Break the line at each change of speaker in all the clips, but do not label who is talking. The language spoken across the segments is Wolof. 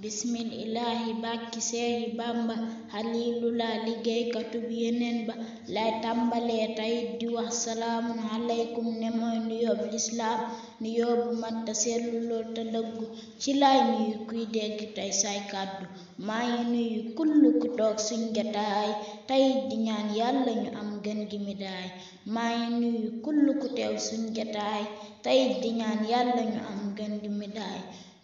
bismillaahi bàkki seexi bamba xaliilula liggéeykatu bi yeneen ba lay tàmbalee tayit di wax salaamun alaykum ne mooy nuyoob lislaam nuyoo bu mat te seetlu lool te dëggu ci lay nuyu kuy dégg tey say kàddu maa ngi nuyu kull ku toog suñ jataay tayit di ñaan yàlla ñu am gën gi mi daay maa ngi nuyu kull ku teew suñ jataay tayit di ñaan yàlla ñu am gën gi mi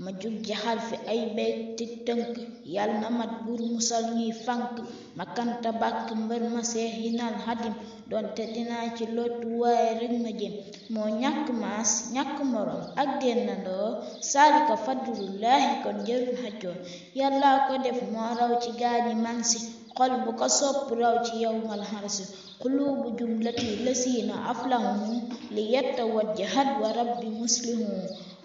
ma jug jaxal fi ay beyti tënk yal na mat buur musal ñuy fànk ma kanta bàkk mbër ma seexinal xadim donte dinaa ci lottu waaye rek ma jëm moo ñàkk maas ñàkk morom ak dennandoo saalika fadlullaahi kon jërul xaccoo yàlla ko def moo raw ci gaañi man si xol bu ko sopp raw ci yowmal xarsi qulubu jumlati lasiina aflahum li yettawajjahat wa rabbi muslimu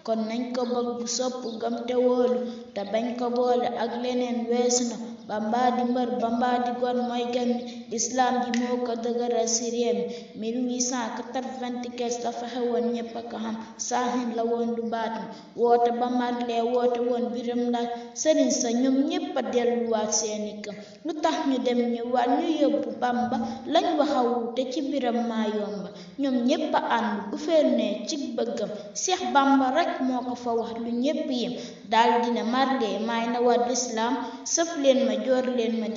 kon nañ ko bëgg sopp gëm te woolu te bañ ko boole ak leneen weesu na bamba di mbër bamba di gon mooy gan lislaam ji moo ko dëgëral si réew mi 1895 dafa xewoon ñépp a ko xam saaxin la woon lu baatin woote ba matlee woote woon biram ndax sëriñ sa ñoom ñépp a delluwaat seeni kër lu tax ñu dem ñu waat ñu yóbbu bamba lañ waxa wuute ci biram maa yomba ñoom ñépp a ànd gouverneur ci bëggam seex bamba rekk moo ko fa wax lu ñépp yem daal ne matlee may na waat lislaam sëf leen ma ma joor leen ma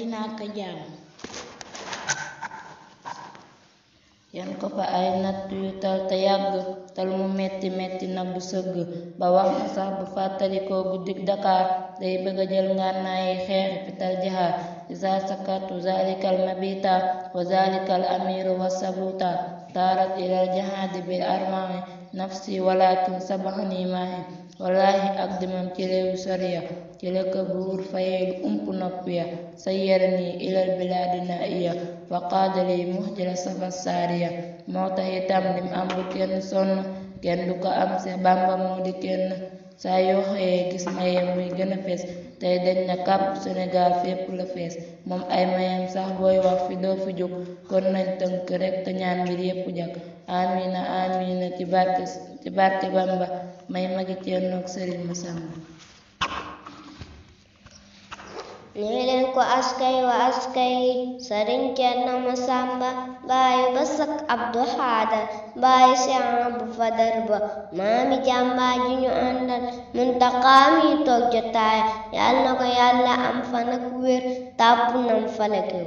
ko fa ay natt yu tal te yàgg tal mu metti metti na bu sëgg ba wax na sax bu fàttalikoo guddik daqaar day bëgga jël ngànnaayi xeexi fital jaxaar إذا سكت ذلك المبيت وذلك الأمير والسبوت طارت إلى الجهاد بالأرمام نفسي ولكن سبقني maahi wallaahi ak demam ci réew soriya ci la ko buur fayee lu ump nopp ya sayyarani ilal bilaadi naiya wa qaadali muhjira safa saariya moo tax itam lim am bu kenn sonn kenn du ko am se bàmba moo di kenn saa yoo gis mayem muy gëna a fees tey dañ na kàpp Sénégal fépp la fees moom ay mayem sax booy wax fi doo fi jóg kon nañ tënk rekk te ñaan ngir yépp jag amina amina ci barke ci may magi Ceernoog Sëriñ Masamba
ko askay wa askay sarinken nama samba baay basak abdu xaadar baay seexan bu fadar ba maami jàmbaar ñu àndal muntaqaa mi toog jotaay yal na ko am fan ak wér tàpp nam falekew